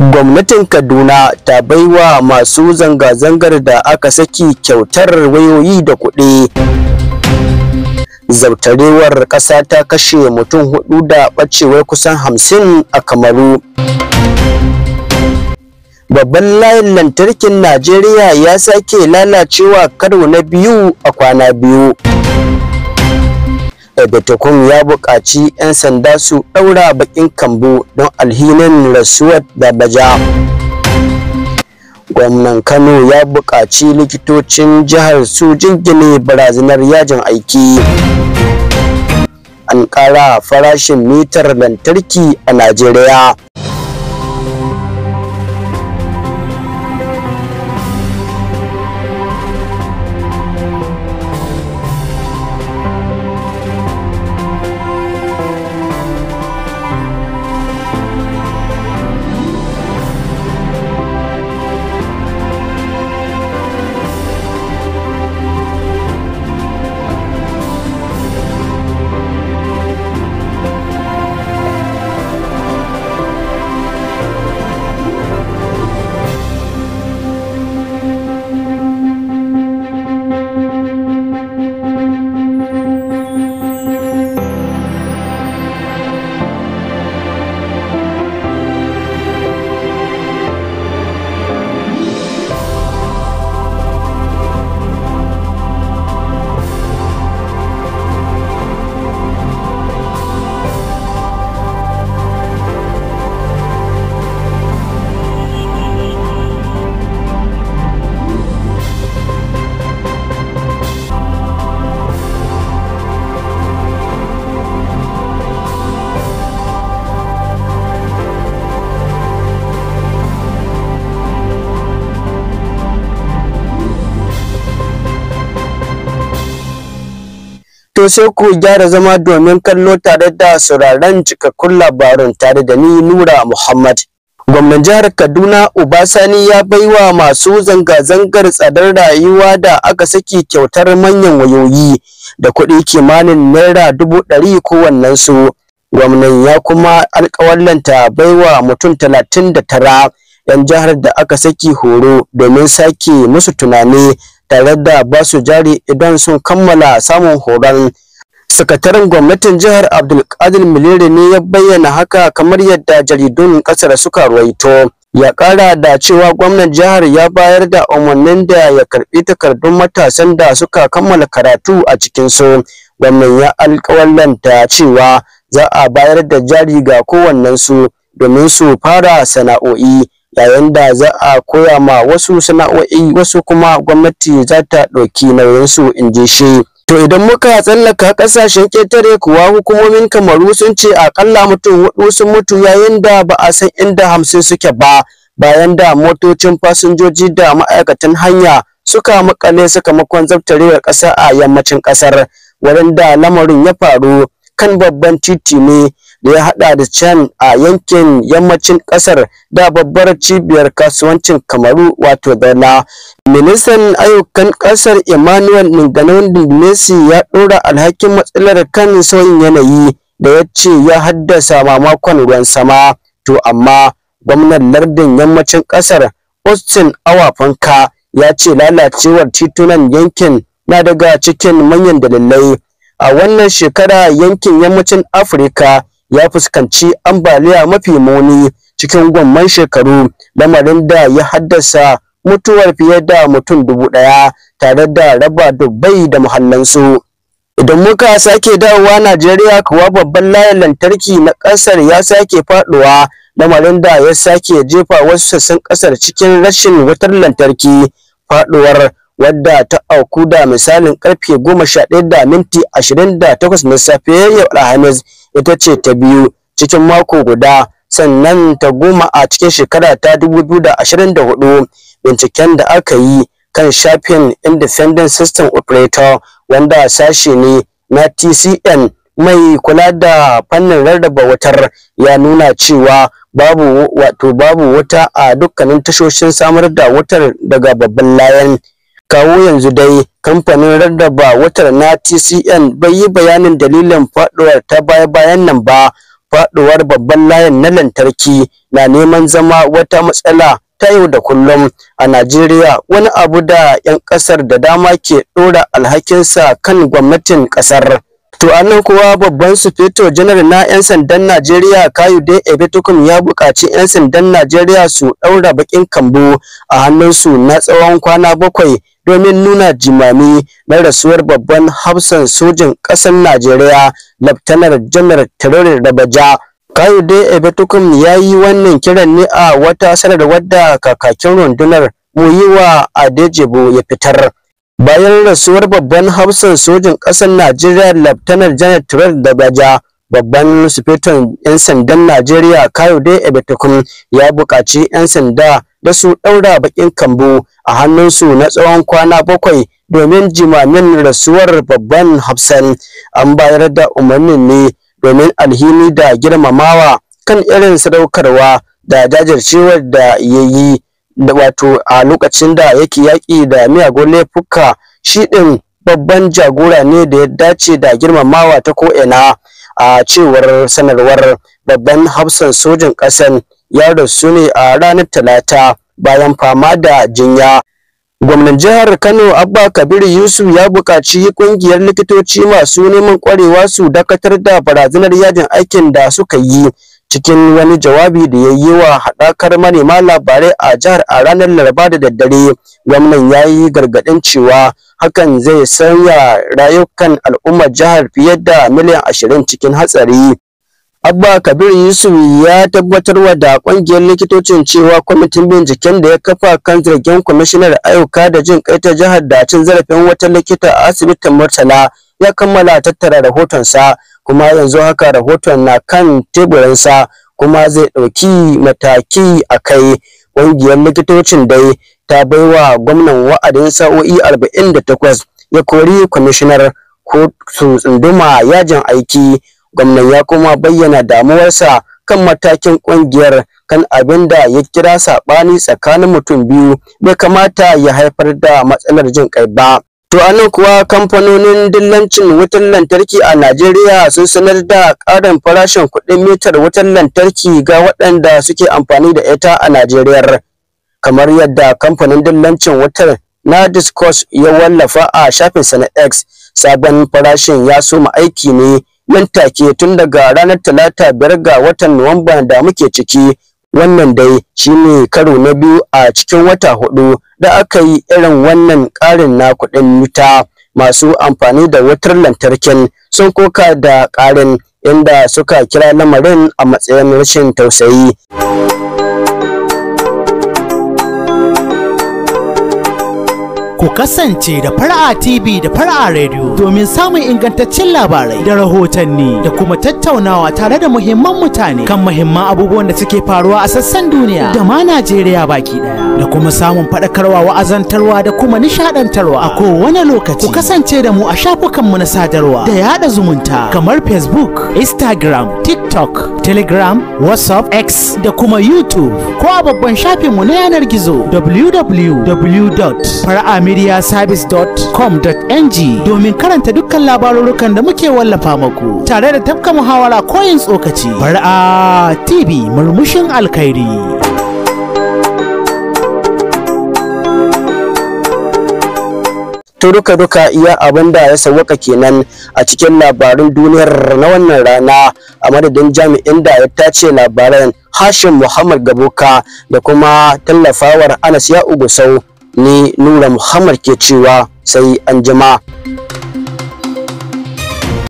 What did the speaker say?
gwamnatin kaduna ta baiwa masu zanga-zangar da aka saki kyautar wayoyi da kuɗi zautarewar ƙasa ta kashe mutum hudu da ɓacewar kusan hamsin a kamaru babban layin lantarkin najeriya ya sake lalacewa karo na biyu a kwana biyu Ebetekun ya buƙaci 'yan sanda su ɗaura baƙin kambu don alhinin rasuwar Babaja. Gwamnan Kano ya buƙaci likitocin jihar su jingine barazanar yajin aiki. An ƙara farashin mitar lantarki a Najeriya. to sai ku gyara zama domin kallo tare da sauraron cikakkun labarun tare da ni Nura Muhammad. Gwamnan jihar Kaduna ubasani ya baiwa masu zanga-zangar tsadar rayuwa da aka saki kyautar manyan wayoyi da kuɗi kimanin naira dubu ɗari kowannensu. Gwamnan ya kuma alƙawallanta baiwa mutum talatin da tara 'yan jihar da aka saki horo domin sake musu tunani tare da basu jari idan sun kammala samun horon sakataren gwamnatin jihar abdulkadir milere ne ya bayyana haka kamar yadda jaridun kasar suka ruwaito ya ƙara da cewa gwamnan jihar ya bayar da umarnin da ya karɓi takardun matasan da suka kammala karatu a cikinsu gwamnan ya alkawallanta cewa za a bayar da jari ga kowannensu domin su fara sana'o'i yayin da za a koya ma wasu sana'o'i wasu kuma gwamnati za ta ɗauki nauyinsu in ji shi. To idan muka tsallaka ƙasashen ƙetare kuwa hukumomin kamaru sun ce akalla mutum hudu sun mutu yayin da ba a san inda hamsin suke ba bayan da motocin fasinjoji da ma'aikatan hanya suka makale sakamakon zabtarewar ƙasa a yammacin ƙasar Wadanda lamarin ya faru kan babban titi ne da ya hada da can a yankin yammacin kasar da babbar cibiyar kasuwancin kamaru wato dala ministan ayyukan kasar emmanuel ninganon Messi ya dora alhakin matsalar kan sauyin yanayi da ya ce ya haddasa mamakon ruwan sama to amma gwamnan lardin yammacin kasar austin awafanka ya ce lalacewar titunan yankin na daga cikin manyan dalilai a wannan shekara yankin yammacin afirka ya fuskanci ambaliya mafi muni cikin gwamman shekaru lamarin da ya haddasa mutuwar fiye da mutum dubu ɗaya tare da raba dubbai da muhallansu. Idan muka sake dawowa Najeriya kuwa babban layin lantarki na ƙasar ya sake faɗuwa lamarin da ya sake jefa wasu sassan ƙasar cikin rashin wutar lantarki faɗuwar wadda ta auku da misalin karfe goma sha ɗaya da minti ashirin da takwas na safe yau alhamis ita ce ta biyu cikin mako guda sannan ta goma a cikin shekara ta dubu biyu da ashirin da hudu binciken da aka yi kan shafin independent system operator wanda sashe ne na tcn mai kula da fannin rarraba wutar ya nuna cewa babu wato babu wuta a dukkanin tashoshin samar da wutar daga babban layan Kawo yanzu dai, kamfanin rarraba watar na TCN bai yi bayanin dalilin faɗuwar ta baya-bayan nan ba. Faɗuwar babban layin na lantarki na neman zama wata matsala ta yau da kullum a Najeriya, wani abu da 'yan ƙasar da dama ke ɗora alhakinsa kan gwamnatin ƙasar. To annan kowa babban sufeto janar na 'yan sandan Najeriya Kayu Kayode Ebetukum ya buƙaci 'yan sandan Najeriya su ɗaura baƙin kambo a hannunsu na tsawon kwana bakwai domin nuna jimami na rasuwar babban hafsan sojin ƙasar Najeriya Laftanar Janar Terore Rabaja. Kayode Ebetukum ya yi wannan kiran ne a wata sanarwar da kakakin rundunar Muyiwa Adejebu ya fitar. bayan rasuwar babban hafsan sojin ƙasar najeriya laftanar janar turar da babban sufetan 'yan sandan najeriya kayode ebetekun ya buƙaci 'yan sanda da su ɗaura baƙin kambu a hannunsu na tsawon kwana bakwai domin jimamin rasuwar babban hafsan an bayar da umarnin ne domin alhini da girmamawa kan irin sadaukarwa da jajircewar da ya yi da wato a lokacin da yake yaƙi da miyagun laifuka shi ɗin babban jagora ne da ya dace da girmamawa ta ko'ina a cewar sanarwar babban hafsan sojin ƙasan ya rasu ne a ranar talata bayan fama da jinya gwamnan jihar kano abba kabir yusuf ya buƙaci ƙungiyar likitoci masu neman ƙwarewa su dakatar da barazanar yajin aikin da suka yi cikin wani jawabi da ya yi wa haɗakar manema labarai a jihar a ranar laraba da daddare gwamnan ya yi gargaɗin cewa hakan zai sanya rayukan al'ummar jihar fiye da miliyan ashirin cikin hatsari abba kabir yusuf ya tabbatar wa da ƙungiyar likitocin cewa kwamitin binciken da ya kafa kan zargin kwamishinar ayyuka da jin kai ta jihar da cin zarafin wata likita a asibitin murtala ya kammala tattara rahotonsa kuma yanzu haka rahoton na kan teburinsa kuma zai ɗauki mataki a kai ƙungiyar likitocin dai ta bai wa gwamnan wa'adin sa'o'i 48 ya kori kwamishinar kotu tsunduma yajin aiki gwamnan ya kuma bayyana damuwarsa kan matakin ƙungiyar kan abin da ya kira saɓani tsakanin mutum biyu bai kamata ya haifar da matsalar jin kai ba To a nan kuwa kamfanonin dillancin wutar lantarki a Najeriya sun sanar da ƙarin farashin kuɗin mitar wutar lantarki ga waɗanda suke amfani da ita a Najeriya. Kamar yadda kamfanin dillancin wutar na Discos ya wallafa a shafin na X, sabon farashin ya soma aiki ne nan take tun daga ranar Talata biyar ga watan Nuwamba da muke ciki. wannan dai shi ne karo na biyu a cikin wata hudu da aka yi irin wannan ƙarin na kuɗin wuta masu amfani da wutar lantarkin sun koka da ƙarin inda suka kira lamarin a matsayin rashin tausayi. ku kasance da fara'a tv da fara'a radio domin samun ingantaccen labarai da rahotanni da kuma tattaunawa tare da muhimman mutane kan muhimman abubuwan da suke faruwa a sassan duniya da ma najeriya baki daya da kuma samun faɗakarwa wa'azantarwa da kuma nishaɗantarwa a kowane lokaci ku kasance da mu a shafukanmu na sadarwa da yaɗa zumunta kamar facebook instagram tiktok telegram whatsapp x da kuma youtube ko a babban shafinmu na yanar gizo www.fara'ami mediaservice.com.ng domin karanta dukkan labarurukan da muke wallafa maku tare da tafka muhawara koyin tsokaci. Bar'a TV murmushin alkhairi. Turuka duka iya abin da ya sauwaka kenan a cikin labarin duniyar na wannan rana a madadin jami'in da ya tace labaran hashim muhammad gaboka da kuma tallafawar anas ya ugusau ni nura muhammad ke cewa sai an jima